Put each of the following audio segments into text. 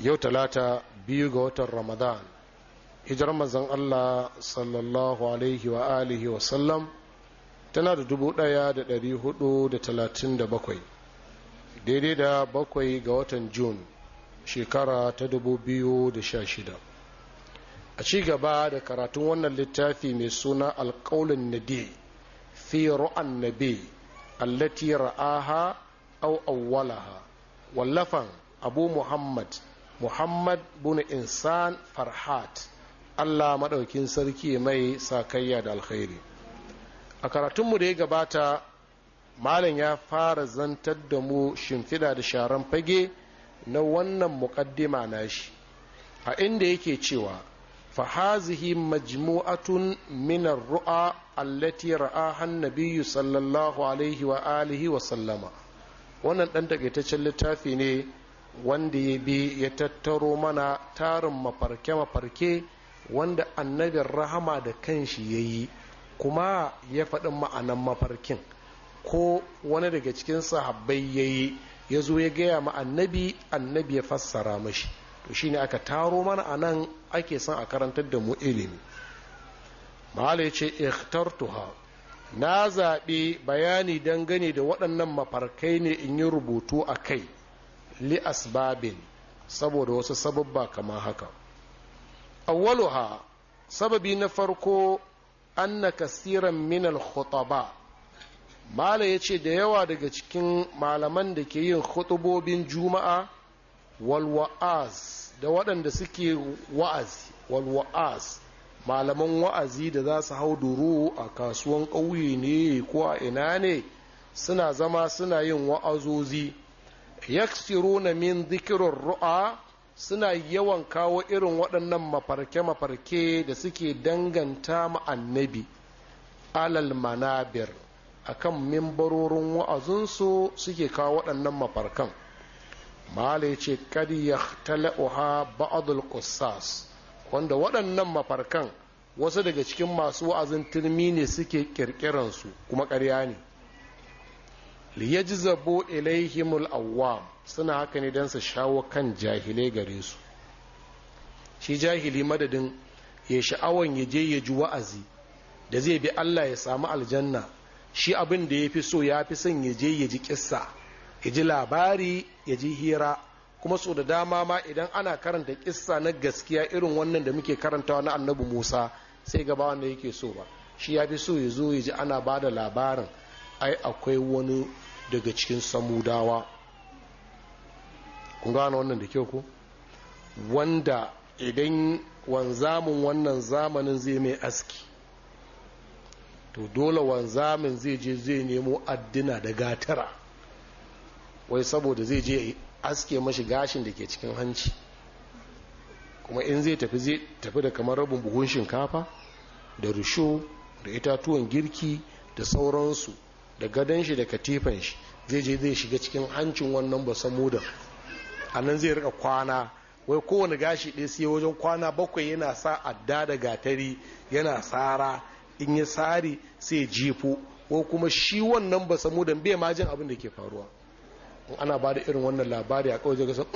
yau talata biyu ga watan ramadan hijar mazan allah sallallahu alaihi wa alihi wa sallam tana da dubu daya da dari hudu da talatin da bakwai daidai da bakwai ga watan jun shekara ta dubu biyu da sha shida a ci gaba da karatun wannan littafi mai suna alkaulin nadi fi ru'an nabi allati ra'aha au awwalaha wallafan abu muhammad muhammad bin insan farhat allah maɗaukin sarki mai sakayya da alkhairi a karatunmu da ya gabata malam ya fara zantar da mu shimfiɗa da sharan fage na wannan muƙaddima nashi a inda yake cewa fahazihi majmu'atun minar ru'a allati ra'aha nabiyyu sallallahu alaihi wa alihi wa sallama wannan ɗan takaitaccen littafi ne wanda ya bi ya tattaro mana tarin mafarke-mafarke wanda annabin rahama da kanshi ya yi kuma ya faɗi ma'anan mafarkin ko wani daga cikin sahabbai ya yi ya zo ya gaya ma annabi annabi ya fassara mashi to shi ne aka taro mana a nan ake son a karantar da mu ilimi ya ce ikhtartuha na zaɓi bayani dangane da waɗannan mafarkai ne in yi rubutu a kai li asbabin saboda wasu sababba kamar haka awwaluha sababi na farko anna kasiran min al-khutaba mala yace da yawa daga cikin malaman da ke yin khutubobin juma'a wal wa'az da waɗanda suke wa'azi wal wa'az malaman wa'azi da za su hau duru a kasuwan ƙauye ne ko a ina ne suna zama suna yin wa'azozi na min zikirar ru'a suna yawan kawo irin waɗannan mafarke-mafarke da suke danganta ma alal manabir akan mimbarorin wa'azinsu suke kawo waɗannan mafarkan mala ya ce kadi ya ba'adul kusas wanda waɗannan mafarkan wasu daga cikin masu wa'azin turmi ne suke ƙirƙiransu kuma ƙarya ne liyajzabu ilaihimul awwam suna haka ne don su shawo kan jahilai gare su shi jahili madadin ya sha'awan ya je ya ji wa'azi da zai bi Allah ya samu aljanna shi abin da ya fi so ya fi son ya je ya ji kissa ya ji labari ya ji hira kuma so da dama ma idan ana karanta kissa na gaskiya irin wannan da muke karantawa na annabi musa sai gaba wanda yake so ba shi ya fi so ya zo ya ji ana bada labarin ai akwai wani daga cikin samudawa kun gano wannan da kyau ko? wanda idan wanzamin wannan zamanin zai mai aski to dole wanzamin zai je zai nemo addina da gatara wai saboda zai je aske mashi gashin da ke cikin hanci kuma in zai tafi zai tafi da kamar rabin buhun shinkafa da rusho da itatuwan girki da sauransu da gadon shi da katifan shi zai je zai shiga cikin hancin wannan basamudan a nan zai rika kwana wai kowane gashi ɗaya sai wajen kwana bakwai yana sa adda da gatari yana tsara in ya tsari sai jifo ko kuma shi wannan basamudan bai ma abin da ke faruwa ana ba da irin wannan labari a kawai zai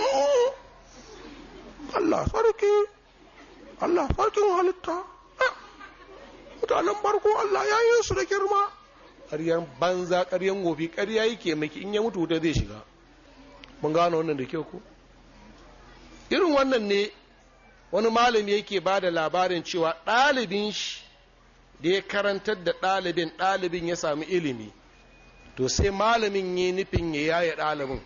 Allah sarki Allah sarkin halitta ah, mutanen barko Allah ya yi su da girma ƙaryan banza ƙaryan gobe ƙarya yake maki in ya mutu wuta zai shiga mun gano wannan da kyau ko irin wannan ne wani malami yake ba da labarin cewa ɗalibin shi da ya karantar da ɗalibin ɗalibin ya sami ilimi to sai malamin ya nufin ya yaya ɗalibin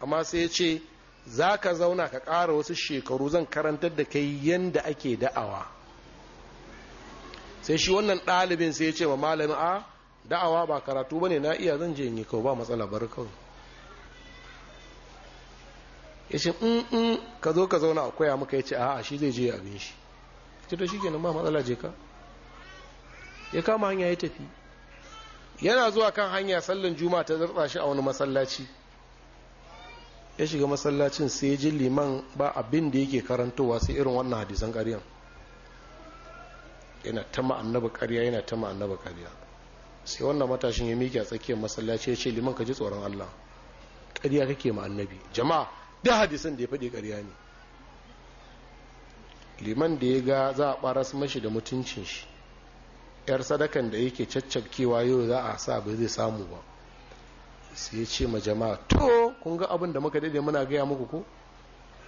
amma sai ya ce za ka zauna ka ƙara wasu shekaru zan karantar da kai yadda ake da'awa sai shi wannan ɗalibin sai ya ce wa malamin a ah, da'awa ba karatu bane na iya zan je yi kawai ba matsala bar kawai ya ce in mm, in mm, ka zo ka zauna a koya maka ya ce a'a shi zai je ya abin shi ce to shikenan ba matsala je ka ya kama hanya ya tafi yana zuwa kan hanya sallan juma'a ta zartsa shi a wani masallaci ya shiga masallacin sai ji liman ba abin da yake karantowa sai irin wannan hadisan ƙaryan yana ta ma'annaba ƙarya yana ta ma'annaba ƙarya sai wannan matashin ya miƙe a tsakiyar masallaci ya ce liman ka ji tsoron Allah ƙarya kake ma annabi jama'a duk hadisin da ya faɗi ƙarya ne liman da ya ga za a ɓara su mashi da mutuncin shi yar sadakan da yake caccabkewa yau za a sa ba zai samu ba sai ya ce ma jama'a to kun ga abin da muka daidai muna gaya muku ko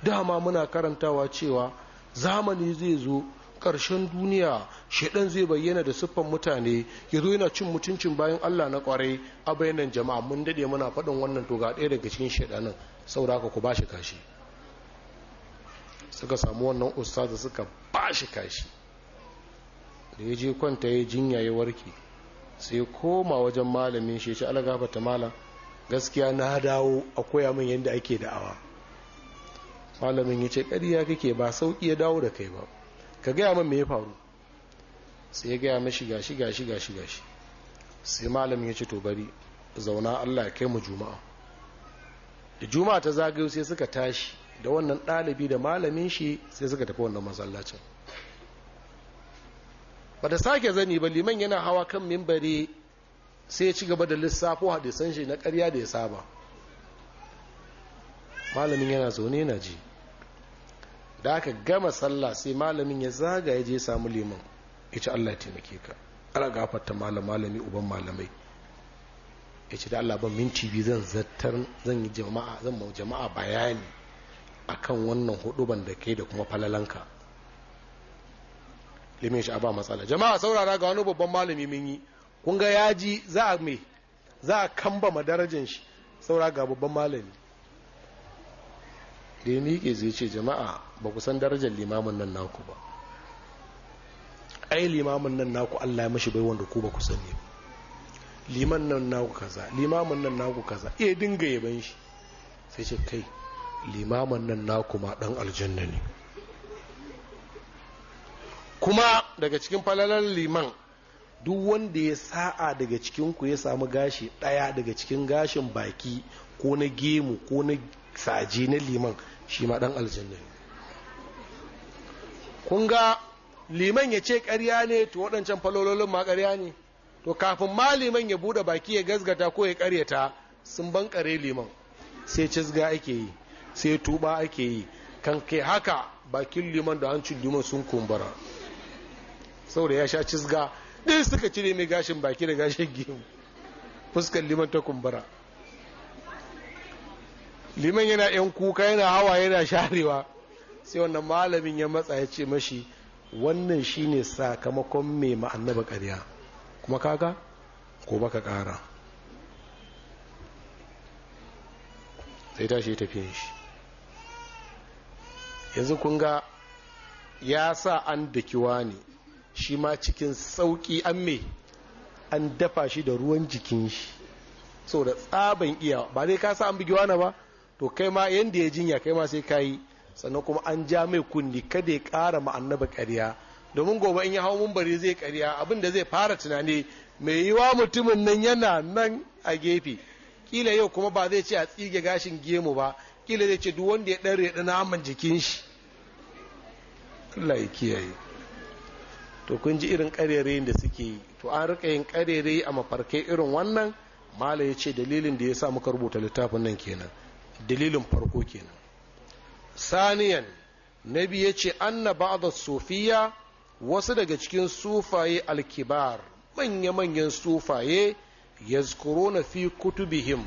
dama muna karantawa cewa zamani zai zo ƙarshen duniya shaidan zai bayyana da siffan mutane ya zo yana cin mutuncin bayan Allah na kwarai a bayanan jama'a mun dade muna faɗin wannan to ga ɗaya daga cikin shaidanin saboda haka ku ba shi kashi suka samu wannan ustaz suka ba shi kashi da ya je kwanta ya jinya ya warke sai koma wajen malamin shi ya ci algafa ta malam gaskiya na dawo a koya min yadda ake da'awa malamin ya ce ƙarya kake ba sauƙi ya dawo da kai ba ka gaya min me ya faru sai ya gaya mashi gashi gashi gashi gashi sai malamin ya ce to bari zauna Allah ya kai mu juma'a da juma'a ta zagayo sai suka tashi da wannan ɗalibi da malamin shi sai suka tafi wannan masallacin ba da sake zani ba liman yana hawa kan mimbari sai ya ci gaba da lissafo hadisan shi na karya da ya saba malamin yana zaune yana ji da aka gama sallah sai malamin ya zaga ya je samu liman ya ce Allah ya taimake ka ana gafarta malam malami uban malamai ya ce da Allah ban minti biyu zan zartar zan yi jama'a zan ma jama'a bayani akan wannan ban da kai da kuma falalanka limin shi a ba matsala jama'a saurara ga wani babban malami mun yi kun ga yaji za a me za a kamba madarajin shi saura ga babban malami da ya miƙe zai ce jama'a ba ku san darajar limamin nan naku ba ai limamin nan naku allah ya mashi bai wanda ku ba ku sani liman nan naku kaza limamin nan naku kaza iya dinga yaban shi sai ce kai limamin nan naku ma dan aljanna ne kuma daga cikin falalar liman duk wanda ya sa'a daga cikinku ya samu gashi ɗaya daga cikin gashin baki ko na gemu ko na saje na liman shi ma ɗan aljanna ne kun ga liman ya ce ƙarya ne to waɗancan falololin ma ƙarya ne to kafin ma liman ya buɗe baki ya gazgata ko ya ƙaryata sun ban ƙare liman sai cizga ake yi sai tuba ake yi kan kai haka bakin liman da hancin liman sun kumbura saboda ya sha cizga ɗin suka cire mai gashin baki da gashin gimu fuskar liman ta kumbura liman yana yan kuka yana hawa yana sharewa sai wannan malamin ya matsa ya ce mashi wannan shine sakamakon mai ma'annaba ƙarya kuma kaga ko baka ƙara sai tashi ya tafi shi yanzu kun ga ya sa an dakiwa ne shi ma cikin sauƙi an mai an dafa shi da ruwan jikin shi so da tsaban iya ba dai ka sa an bugi wani ba to kai ma yanda ya jinya kai ma sai kayi sannan kuma an ja mai kundi kada ya ƙara ma'annaba karya ƙarya domin gobe in ya hau mumbari zai ƙarya abin da zai fara tunani mai yiwa mutumin nan yana nan a gefe kila yau kuma ba zai ce a tsige gashin gemu ba kila zai ce duk wanda ya reɗa na naman jikin shi Allah ya kiyaye to kun ji irin ƙarerayin da suke yi to an rika yin ƙarerayi a mafarkai irin wannan mala ya ce dalilin da ya sa muka rubuta littafin nan kenan dalilin farko kenan saniyan nabi ya ce anna da sofiya wasu daga cikin sufaye alkibar manya-manyan sufaye na fi kutubihim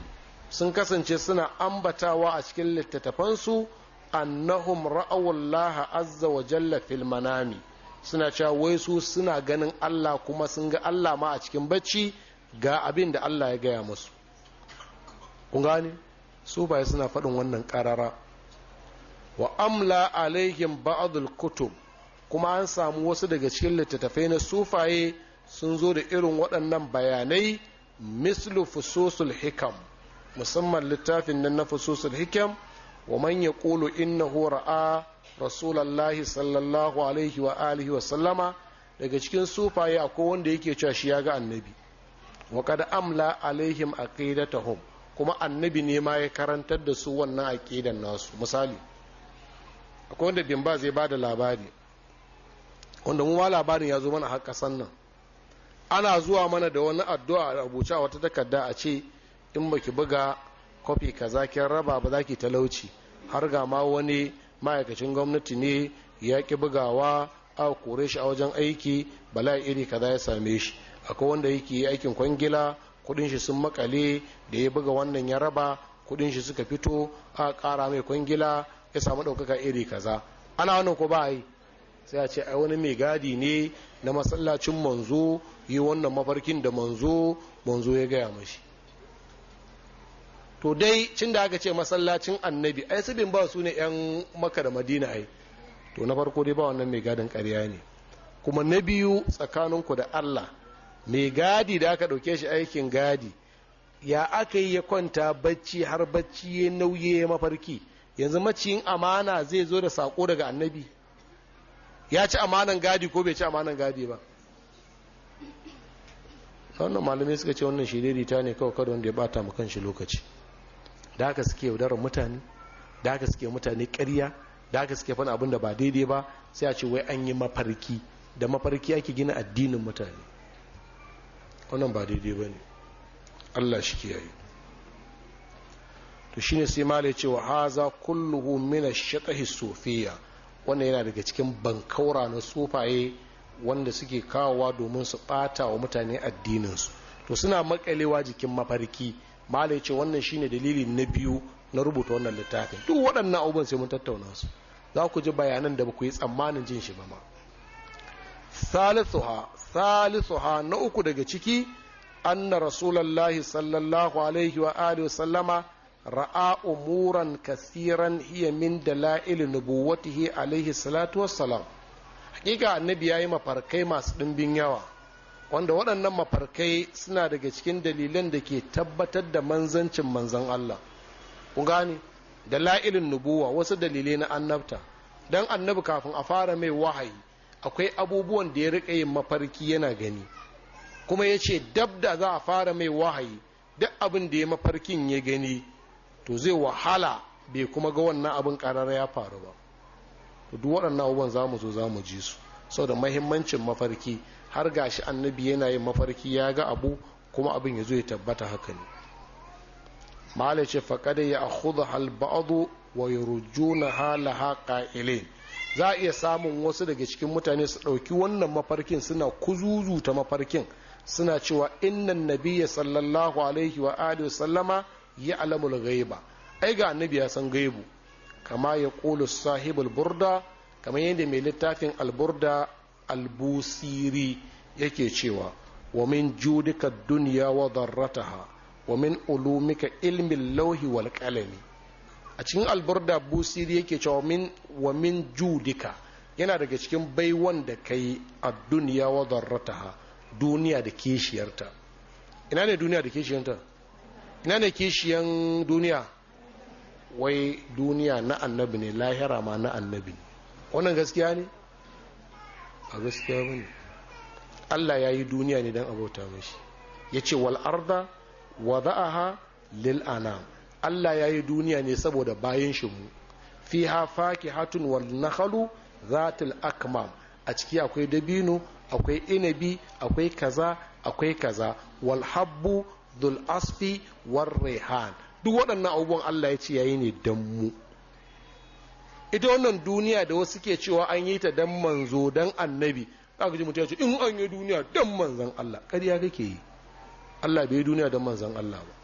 sun kasance suna ambatawa a cikin littattafansu annahum ra'awullaha azza wa jalla fil manami suna cewa wai su suna ganin Allah kuma sun ga Allah ma a cikin bacci ga abin da Allah ya gaya musu kun gane su suna faɗin wannan ƙarara wa amla alaihim ba'adul kutub kuma an samu wasu daga cikin littattafai na sufaye sun zo da irin waɗannan bayanai mislu fususul hikam musamman littafin nan na fususul hikam wa man yaqulu innahu ra'a rasulallah sallallahu alaihi wa alihi wa sallama daga cikin sufaye akwai wanda yake cewa shi ya ga annabi wa kada amla alaihim aqidatahum kuma annabi ne ma ya karantar da su wannan aƙidan nasu misali akwai wanda bin zai ba da labari wanda mu ma labarin ya zo mana har ƙasan nan ana zuwa mana da wani addu'a a rubuce wata takarda a ce in baki buga kofi kaza kin raba ba za ki talauci har ga ma wani ma'aikacin gwamnati ne ya ki bugawa a kore shi a wajen aiki bala iri kaza ya same shi akwai wanda yake aikin kwangila kudin shi sun makale da ya buga wannan ya raba kudin shi suka fito aka kara mai kwangila ya samu ɗaukaka iri kaza ana wannan ko ba yi sai a ce ai wani mai gadi ne na masallacin manzo yi wannan mafarkin da manzo manzo ya gaya mashi to dai cin da aka ce masallacin annabi ai sabin ba su ne yan maka da madina ai to na farko dai ba wannan mai gadin karya ne kuma na biyu tsakaninku da allah mai gadi da aka ɗauke shi aikin gadi ya aka yi ya kwanta bacci har bacci ya nauye ya mafarki yanzu maciyin amana zai zo da sako daga annabi ya ci amanan gadi ko bai ci amanan gadi ba wannan malamai suka ce wannan shi rita ne kawai kada wanda ya bata mu kanshi lokaci da aka suke yaudarar mutane da aka suke mutane karya da aka suke fana abin da ba daidai ba sai a ce wai an yi mafarki da mafarki ake gina addinin mutane wannan ba daidai ba ne allah shi kiyaye to shine sai malai ce wa haza kulluhu min ash-shatahi wannan yana daga cikin bankaura na tsofaye wanda suke kawowa domin su ɓata wa mutane addininsu, to suna makalewa jikin mafarki malai ce wannan shine dalili na biyu na rubuta wannan littafin duk waɗannan abubuwan sai mun tattauna su za ku ji bayanan da ba ku yi tsammanin jin shi ba ma salisuha salisuha na uku daga ciki anna rasulullahi sallallahu alaihi wa sallama ra'a umuran kasiran iya min dalail nubuwatihi alaihi salatu wassalam hakika annabi yayi mafarkai masu ɗumbin yawa wanda waɗannan mafarkai suna daga cikin dalilan da ke tabbatar da manzancin manzan Allah ku gane dalailin nubuwa wasu dalilai na annabta dan annabi kafin a fara mai wahayi akwai abubuwan da ya riƙa yin mafarki yana gani kuma ya ce dab da za a fara mai wahayi duk abin da ya mafarkin ya gani to zai wahala bai kuma ga wannan abin ƙarara ya faru ba to duk waɗannan abubuwan za mu zo za mu ji su saboda mahimmancin mafarki har gashi annabi yana yin mafarki ya ga abu kuma abin ya zo ya tabbata haka ne mala ce da ya akhudha hal ba'adu wa yurjuna halaha qa'ilin za a iya samun wasu daga cikin mutane su ɗauki wannan mafarkin suna kuzuzu ta mafarkin suna cewa innan nabiya sallallahu alaihi wa alihi sallama ya alamul gaiba ai ga annabi ya san gaibu kama ya kulu sahibul burda kamar yadda mai littafin alburda albusiri yake cewa wa min judika duniya wa darrataha wa min ulumika ilmin lauhi wal kalami a cikin alburda busiri yake cewa min wa min judika yana daga cikin baiwan da kai a duniya wa darrataha duniya da kishiyarta ina ne duniya da kishiyarta ina ne kishiyan duniya wai duniya na annabi ne lahira ma na annabi ne wannan gaskiya ne a gaskiya ba ne allah ya yi duniya ne don abota mashi ya ce wal'arda wa za'aha lil'anam Allah ya yi duniya ne saboda bayan shi mu fi hafaki hatun wal nakhalu zatul akmam a ciki akwai dabino akwai inabi akwai kaza akwai kaza wal habbu dhul asfi war rihan duk waɗannan abubuwan Allah ya ce yayi ne dan mu ita wannan duniya da wasu ke cewa an yi ta dan manzo dan annabi aka mutum ya ce in an yi duniya dan manzon Allah kariya kake yi Allah bai duniya dan manzon Allah ba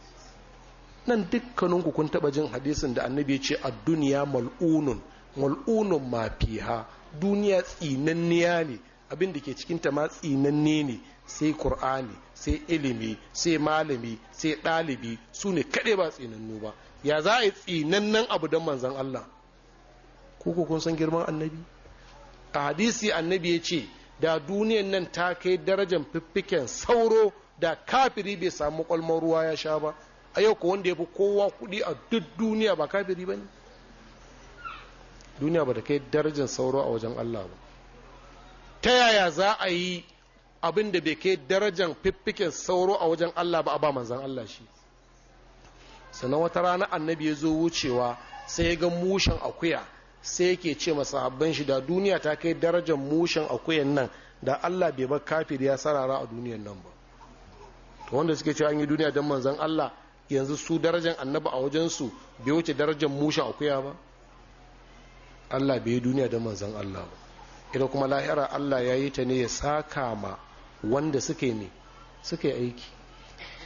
nan dukkaninku kun taɓa jin hadisin da annabi ce a duniya mal'unun mal'unun ma fiha duniya tsinanniya ne abin da ke cikinta ma tsinanne ne sai kur'ani sai ilimi sai malami sai ɗalibi su ne kaɗai ba tsinannu ba ya za a yi tsinannen abu don manzan Allah kuku kun san girman annabi a hadisi annabi ya ce da duniyan nan ta kai darajar fiffiken sauro da kafiri bai samu kwalmar ruwa ya sha ba a yau ko wanda ya fi kowa kuɗi a duk duniya ba kafiri ba ne duniya ba ta kai darajar sauro a wajen Allah ba ta yaya za a yi abin da bai kai darajar fiffikin sauro a wajen Allah ba a ba manzan Allah shi sannan wata rana annabi ya zo wucewa sai ya ga mushen akuya sai yake ce masa habban shi da duniya ta kai darajar mushen akuyan nan da Allah bai bar kafiri ya sarara a duniyan nan ba to wanda suke cewa an yi duniya don manzan Allah yanzu su darajan annabi a wajensu bai wuce darajan musha akuya ba Allah bai duniya da manzan Allah ba ita kuma lahira Allah ya yi ta ne ya saka ma wanda suke ne suke aiki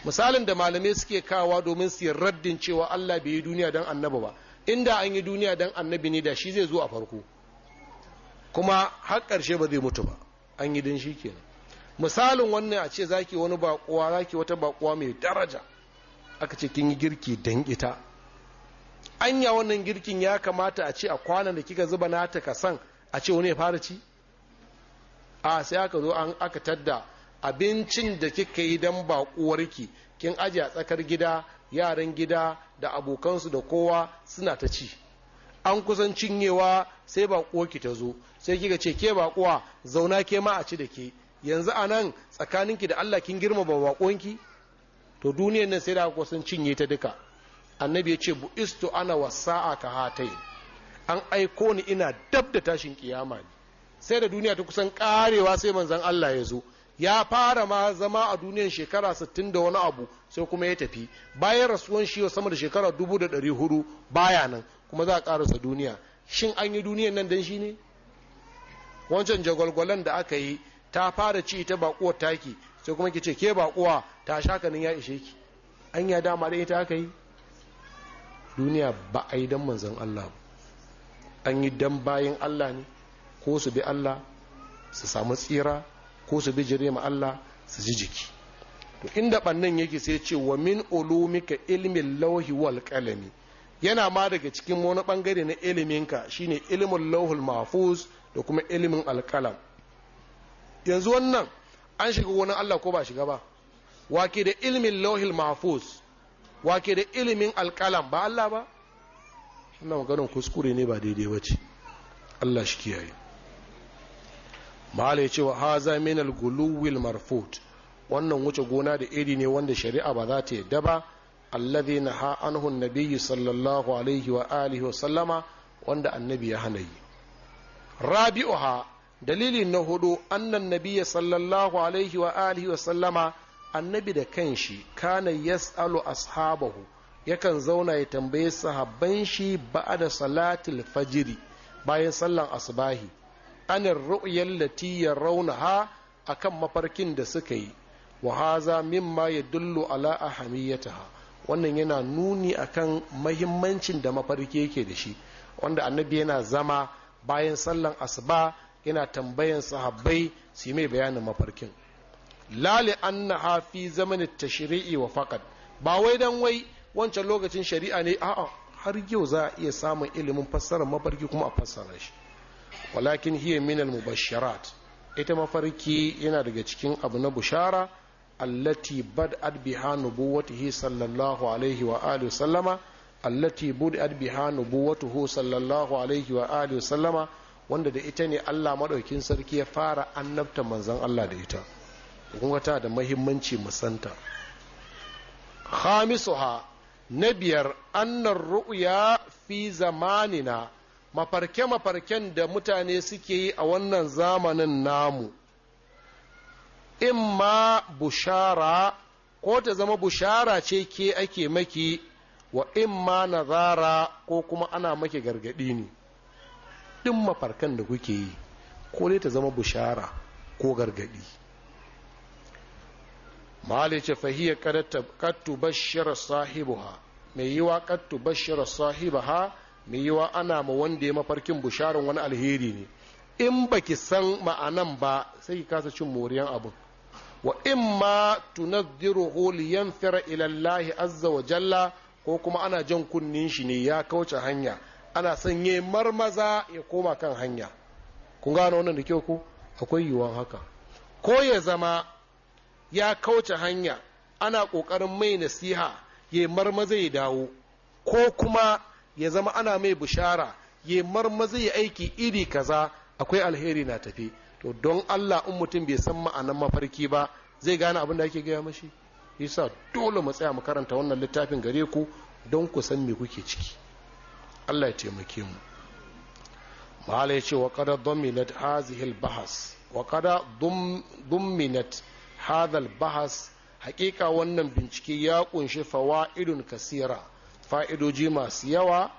misalin da malamai suke kawa domin su raddin cewa Allah bai yi duniya dan annabi ba inda an yi duniya dan annabi ne da shi zai zo a farko kuma har karshe ba zai mutu ba an yi don shi kenan misalin wannan a ce zaki wani za zaki wata bakuwa mai daraja aka ce kin yi girki dan ita anya wannan girkin ya kamata a ce a kwanan da kika zuba nata ka san a ce wani ya fara ci a sai aka zo an aka tadda abincin da kika yi dan baƙuwarki kin aji a tsakar gida yaran gida da abokansu da kowa suna ta ci an kusan cinyewa sai baƙuwarki ta zo sai kika ce ke baƙuwa zauna ke ma a ci da ke yanzu anan nan tsakaninki da allah kin girma ba baƙuwanki to duniyar nan sai da ko sun cinye ta duka annabi ya ce bu istu ana wasa'a ka hatai an aiko ni ina dab da tashin kiyama ne sai da duniya ta kusan karewa sai manzon Allah ya zo ya fara ma zama a duniyar shekara 60 da wani abu sai kuma ya tafi bayan rasuwan shi sama da shekara 400 baya nan kuma za a karasa duniya shin an yi duniyar nan dan shi ne wancan jagwalgwalan da aka yi ta fara ci ta bakuwar taki sai kuma ki ce ke bakuwa ta sha ya ishe ki an ya dama da ita aka yi duniya ba a yi don manzan Allah an yi don bayan Allah ne ko su bi Allah su samu tsira ko su bi jire ma Allah su ji jiki to inda bannan yake sai ce wa min ulumika ilmin lauhi wal qalami yana ma daga cikin wani bangare na iliminka shine ilimin lauhul mahfuz da kuma ilimin alkalam yanzu wannan an shiga wani Allah ko ba shiga ba wake da ilimin lauhil mahfuz wake da ilimin alƙalam ba Allah ba wannan maganin kuskure ne ba daidai ba ce Allah shi kiyaye ma'ala ya ce wa haza min al-guluwil marfut wannan wuce gona da iri ne wanda shari'a ba za ta yadda ba alladhi naha anhu an-nabiy sallallahu alaihi wa alihi wa sallama wanda annabi ya hana yi rabi'uha dalili na hudu annan nabiyya sallallahu alaihi wa alihi wa sallama annabi da kanshi kana yas'alu ashabahu yakan zauna ya tambaye sahabban shi ba'da salatil fajiri bayan sallan asbahi anin ru'yal lati yarawnaha akan mafarkin da suka yi wa haza mimma yadullu ala ahamiyataha wannan yana nuni akan mahimmancin da mafarki yake da shi wanda annabi yana zama bayan sallan asuba yana tambayan sahabbai su yi mai bayanin mafarkin lali annaha fi zamanin tashri'i wa faqad ba wai dan wai wancan lokacin shari'a ne a'a har yau za a iya samun ilimin fassarar mafarki kuma a fassara shi walakin hiya min al ita mafarki yana daga cikin abu na bushara allati bad'at biha nubuwwatihi sallallahu alaihi wa alihi sallama allati bud'at biha nubuwwatuhu sallallahu alaihi wa alihi sallama wanda da ita ne Allah madaukin sarki ya fara annabta manzon Allah da ita kuma ta da mahimmanci musanta ha na biyar annan ru'uya fi zamanina mafarke-mafarken da mutane suke yi a wannan zamanin namu imma bushara ko ta zama bushara ce ke ake maki wa imma nazara ko kuma ana maki gargadi ne ɗin mafarkan da kuke yi ko dai ta zama bushara ko gargadi mahalli ce karatta kattu bashira sahibuha mai yiwa kattu bashira sahibaha mai yiwa ana ma wanda ya mafarkin bisharin wani alheri ne in baki san ma'anan ba sai ki kasa cin moriyan abu wa in ma tunadhiruhu liyanfira ila Allah azza wa jalla ko kuma ana jan kunnin shi ne ya kauce hanya ana son marmaza ya koma kan hanya kun gano wannan da kyau ku akwai yiwuwan haka ko ya zama ya kauce hanya ana ƙoƙarin mai nasiha ya marmaza ya dawo ko kuma ya zama ana mai bishara ya marmaza ya aiki iri kaza akwai alheri na tafi to don Allah in mutum bai san ma'anan mafarki ba zai gane abin da ake gaya mashi yasa dole mu tsaya mu karanta wannan littafin gare ku don ku san me kuke ciki Allah ya taimake mu mahala ya ce wa kada dominat hazihil bahas wa kada dumminat hadal bahas hakika wannan bincike ya kunshi fawa'idun kasira fa'idodi masu yawa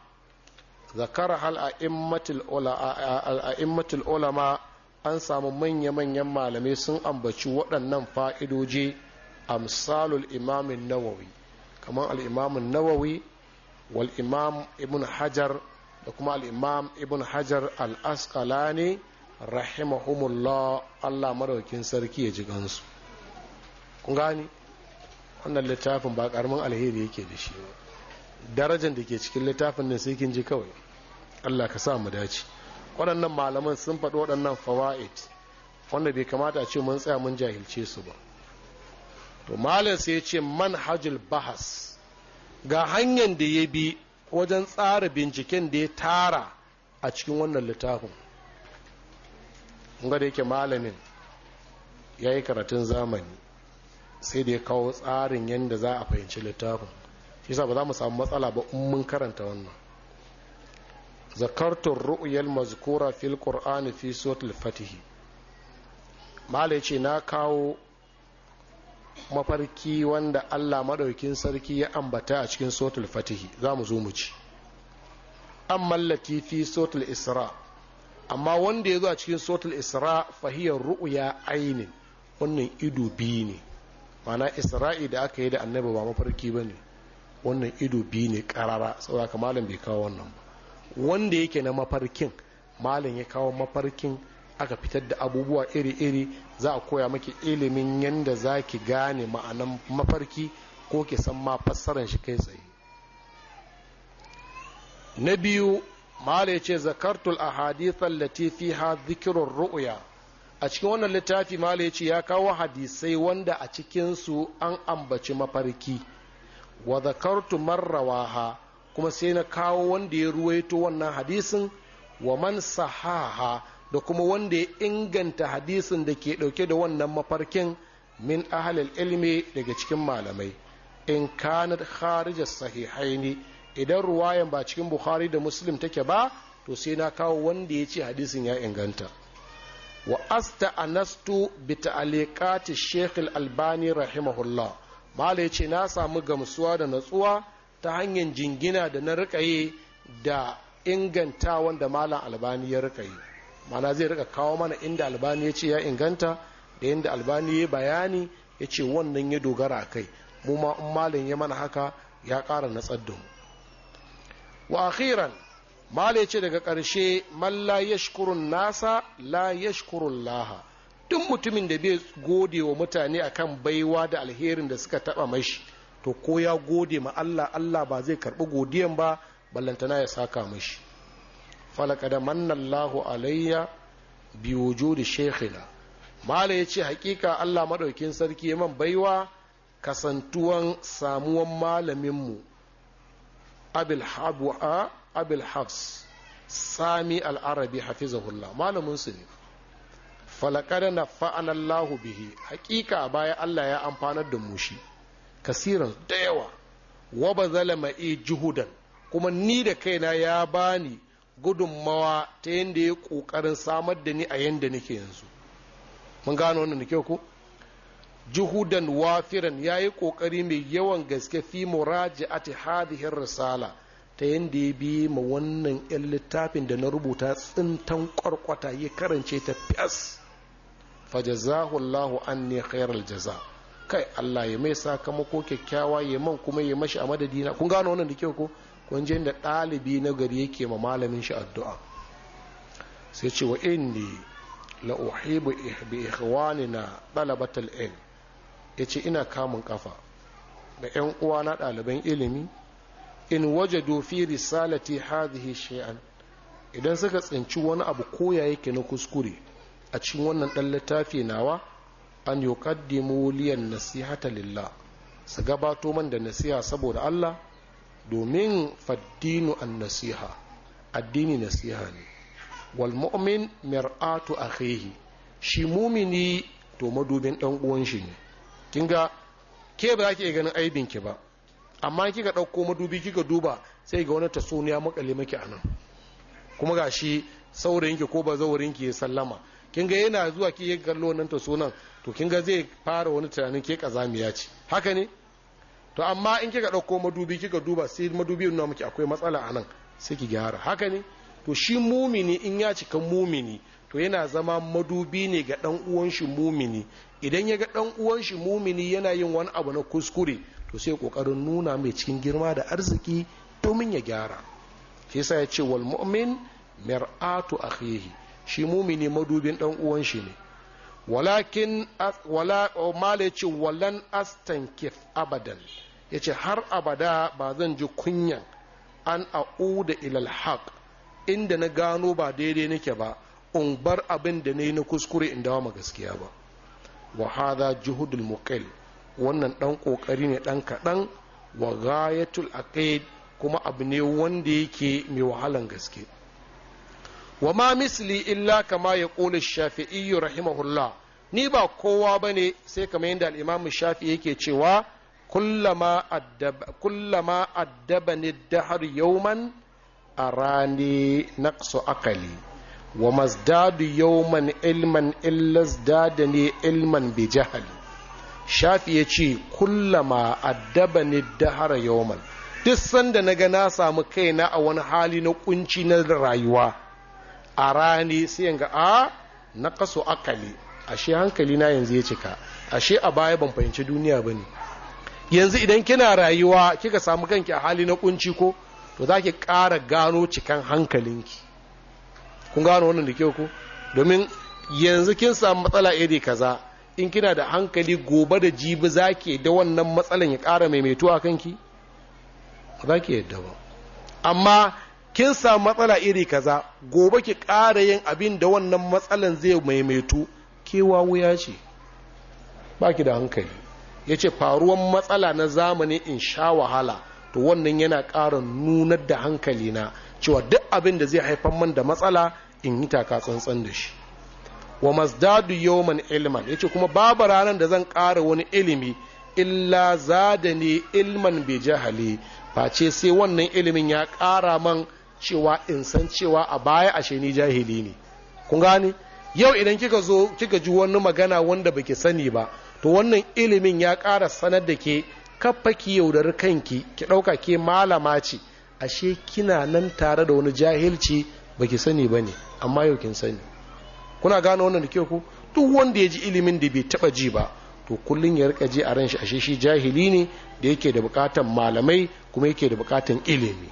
zakara hal a'immatul ulama an samu manya-manyan malamai sun ambaci waɗannan fa'idoji amsalul imamin nawawi kamar al'imamin nawawi wal'imam ibn hajar da kuma al'imam ibn hajar al'askalani rahimahumullah allah maraukin sarki ya ji gansu kun gani wannan littafin ba karamin alheri yake da shi darajar da ke cikin littafin nan sai kin ji kawai Allah ka sa mu dace waɗannan malaman sun faɗi waɗannan fawaid wanda bai kamata a ce mun tsaya mun jahilce su ba to malam sai ya ce manhajul bahas ga hanyar da ya bi wajen tsara binciken da ya tara a cikin wannan littafin ga da yake malamin ya yi karatun zamani sai da ya kawo tsarin yadda za a fahimci littafin shi sa ba za mu samu matsala ba in mun karanta wannan zakartun ru'uyar mazkura fil qur'ani fi suratul fatihi. malai ce na kawo mafarki wanda Allah maɗaukin sarki ya ambata a cikin suratul fatihi za mu zo mu ci an mallaki fi suratul isra amma wanda ya zo a cikin suratul isra fahiyar ru'uya ainin wannan ido biyu ne mana isra'i da aka yi da annabi ba mafarki ba ne wannan ido biyu ne karara saboda ka malam bai kawo wannan ba wanda yake na mafarkin malam ya kawo mafarkin aka fitar da abubuwa iri-iri za a koya maki ilimin yadda za ki gane ma'anan mafarki ko ki san ma fassarar shi kai tsaye na biyu malam ya ce zakartul ahadith Latifi ha zikirar Ru'uya. a cikin wannan littafi mala ya ce ya kawo hadisai wanda a cikinsu an ambaci mafarki wa zakartu marrawaha kuma sai na kawo wanda ya ruwaito wannan hadisin wa man sahaha da kuma wanda ya inganta hadisin da ke dauke da wannan mafarkin min ahalil ilmi daga cikin malamai in kanat kharija sahihaini idan ruwayan ba cikin bukhari da muslim take ba to sai na kawo wanda ya ce hadisin ya inganta Wa'asta asta anastu bi ta'aliqati Sheikh Al-Albani rahimahullah mala yace na samu gamsuwa da natsuwa ta hanyar jingina da na rikaye da inganta wanda malam Albani ya rikaye mana zai rika kawo mana inda Albani ya ce ya inganta da inda Albani ya bayani ya ce wannan ya dogara kai mu ma in malam ya mana haka ya ƙara natsar da mu wa akhiran mala ya ce daga ƙarshe malla yashkurun nasa la laha duk mutumin da bai gode wa mutane akan baiwa da alherin da suka taɓa mashi to ko ya gode ma Allah Allah ba zai karɓi godiyan ba ballantana ya saka mashi falakada mannallahu alayya jo da shaykhina mala ce hakika Allah maɗaukin sarki man baiwa kasantuwan samuwan malaminmu mu abil abil hafs sami al'arabi hafizahullah malamin su ne falakada na fa'anallahu bihi hakika baya allah ya amfanar da mushi kasiran da yawa wa ba zalama e juhudan kuma ni da kaina ya bani gudunmawa ta yadda ya ƙoƙarin samar da ni a yadda nake yanzu mun gano wannan da kyau ko juhudan wafiran ya yi ƙoƙari mai yawan gaske fi muraji a hadhihi risala ta yadda ya bi ma wannan 'yan littafin da na rubuta tsintan kwarkwata ya karance ta fiyas fajazahu Allahu ne khairar jaza kai Allah ya mai sakamako kyakkyawa ya man kuma ya mashi a madadina kun gano wannan da kyau ko kun je da ɗalibi na gari yake ma malamin shi addu'a sai ce wa inni la uhibu bi ikhwanina talabatal ilm yace ina kamun kafa da 'yan uwana ɗaliban ilimi in wajadu fi risalati hadhihi shay'an idan suka tsinci wani abu koya yake na kuskure a cikin wannan dan littafi nawa an yuqaddimu liyan nasihata lillah su gabato man da nasiha saboda Allah domin faddinu an nasiha addini nasiha ne wal mu'min mir'atu akhihi shi mumini to madubin dan uwan shi ne kinga ke ba za ki ganin aibin ki ba amma kika ɗauko madubi kika duba sai ga wani ya makale maki anan kuma gashi saurayinki ko bazawarinki ya sallama kin ga yana zuwa ki kallo nan tasunan to kin ga zai fara wani tunanin ke kazamiya ce haka ne to amma in kika ɗauko madubi kika duba sai madubi nuna miki akwai matsala anan sai ki gyara haka ne to shi mumini in ya cika mumini to yana zama madubi ne ga dan uwan shi mumini idan ya ga dan uwan shi mumini yana yin wani abu na kuskure to sai kokarin nuna mai cikin girma da arziki domin ya gyara shi yasa ya ce wal mu'min mir'atu akhihi shi mumini madubin dan uwan shi ne walakin wala mala ce walan astankif abadan yace har abada ba zan ji kunyan an a'uda ilal haq inda na gano ba daidai nake ba in bar abin da nayi na kuskure in dawo ma gaskiya ba wa hadha juhudul muqil wannan ɗan ƙoƙari ne ɗan kaɗan wa ghayatul aqid kuma abu ne wanda yake mai wahalan gaske wa ma misli illa kama ya ƙula shafi'i rahimahullah ni ba kowa ba ne sai kamar yadda al'imamu shafi yake cewa kullama addaba ni dahar yauman a rani naqsu akali wa mazdadu yauman ilman illa ne ilman bi jahali shafi ya ce kullama addaba ni dahara yawman duk sanda na ga na samu kaina a wani hali na kunci na rayuwa a rani sai ga a ah, na kaso akali ashe hankali na yanzu ya cika ashe a baya ban fahimci duniya ba ne, yanzu idan kina rayuwa kika samu kanki a hali na kunci ko to za ki ƙara gano cikan hankalinki kun gano wannan da kyau ku domin yanzu kin samu matsala iri kaza in kina da hankali gobe da jibi za ki da wannan matsalan ya ƙara maimaituwa kanki za ki yadda ba amma kin samu matsala iri kaza gobe ki ƙara yin abin da wannan matsalan zai maimaitu kewa wuya ce ba ki da hankali ya ce faruwan matsala na zamani in sha wahala to wannan yana ƙara nunar da hankali na cewa duk abin da zai haifar man da matsala in yi taka tsantsan da shi wa mazdadu yawman ilman yace kuma babu ranar da zan ƙara wani ilimi illa zadani ilman bi jahali face sai wannan ilimin ya ƙara man cewa in san cewa a baya ashe ni jahili ne kun gane yau idan kika zo kika ji wani magana wanda baki sani ba to wannan ilimin ya ƙara sanar da ke kafa ki yaudari kanki ki ɗauka ke malama ce ashe kina nan tare da wani jahilci baki sani ba ne amma yau kin sani kuna gano wannan da kyau ku duk wanda ya ji ilimin da bai taba ji ba to kullun ya rika ji a ran shi ashe shi jahili ne da yake da bukatan malamai kuma yake da bukatan ilimi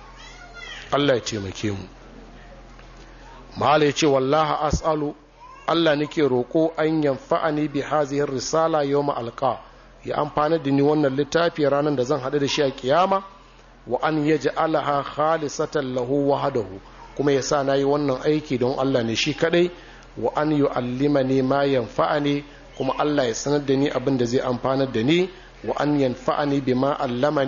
Allah ya taimake mu mala ya ce wallahi as'alu Allah nake roko an yanfa'ani bi hazihi risala yawma alqa ya amfana da ni wannan littafi ranar da zan hadu da shi a kiyama wa an yaj'alaha khalisatan lahu wahdahu kuma yasa nayi wannan aiki don Allah ne shi kadai wa an ne ma yanfa'ani kuma Allah ya sanar da ni abin da zai amfanar da ni wa an yanfa'ani bima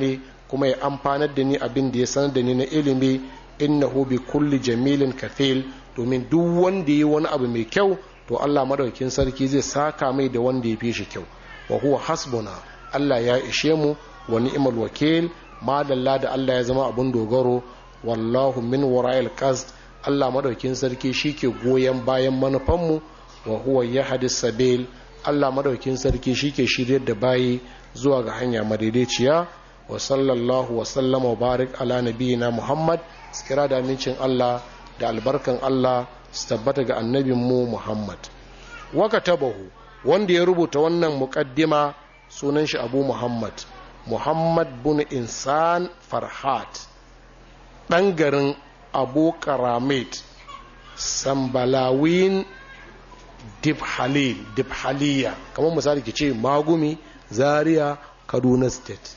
ne kuma ya amfanar da ni abin da ya sanar da ni na ilimi innahu bi kulli jamilin kafil domin duk wanda yi wani abu mai kyau to Allah madaukakin sarki zai saka mai da wanda ya fi shi kyau wa huwa hasbuna Allah ya ishe mu wa ni'mal wakil madalla da Allah ya zama abin dogaro wallahu min wara'il qasd Allah madaukin sarki shi ke goyon bayan manufanmu wa huwa yahdi sabil Allah madaukin sarki shi ke shiryar da bayi zuwa ga hanya madaidaiciya wa sallallahu wa sallama wa barik ala nabiyina Muhammad tsira da amincin Allah da albarkan Allah su tabbata ga annabin mu Muhammad wa tabahu wanda ya rubuta wannan muqaddima sunan shi Abu Muhammad Muhammad bin Insan Farhat ɗan garin abu karamit sambalawin dibhalil dibhaliya kamar misali ki ce magumi zaria kaduna state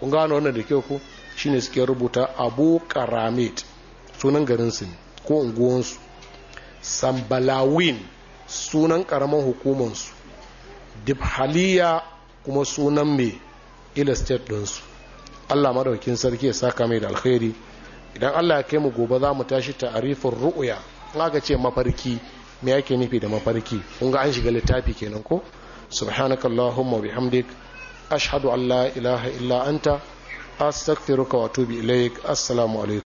kun gano wannan da kyau ku shine suke rubuta abu karamit sunan garinsu ne ko unguwansu sambalawin sunan karamin hukumansu dibhaliya kuma sunan mai ila state ɗinsu allah madaukin sarki ya saka mai da alkhairi idan Allah ya kai mu gobe za mu tashi ta'arifin ru'ya in aka ce mafarki me yake nufi da mafarki kun ga an shiga littafi kenan ko subhanakallahumma bihamdik ashhadu an la ilaha illa anta astaghfiruka wa atubu ilaik assalamu alaikum